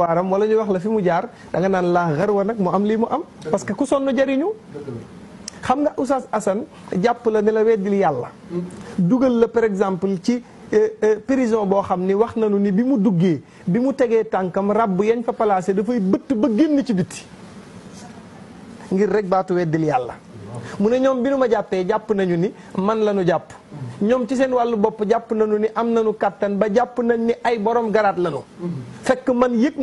waaram wala ñu wax la fi mu jaar danga nga naan laa xarwa nag mu am lii mu am parce que ku sonn jariñu xam nga Oustaz Assane jàpp la ne la weddil yàlla dugal la par exemple ci euh, euh, prison boo xam ni wax nañu ni bi mu duggee bi mu tegee tànkam ràbb yañ fa placé dafay bëtt ba génn ci biti ngir rek baatu weddil yàlla mu ne ñoom bi nu ma jàppee jàpp nañu ni man la jàpp ñoom ci seen wàllu bopp jàpp nañu ni am nañu kàttan ba jàpp nañ ni ay boroom garaat lañu fekk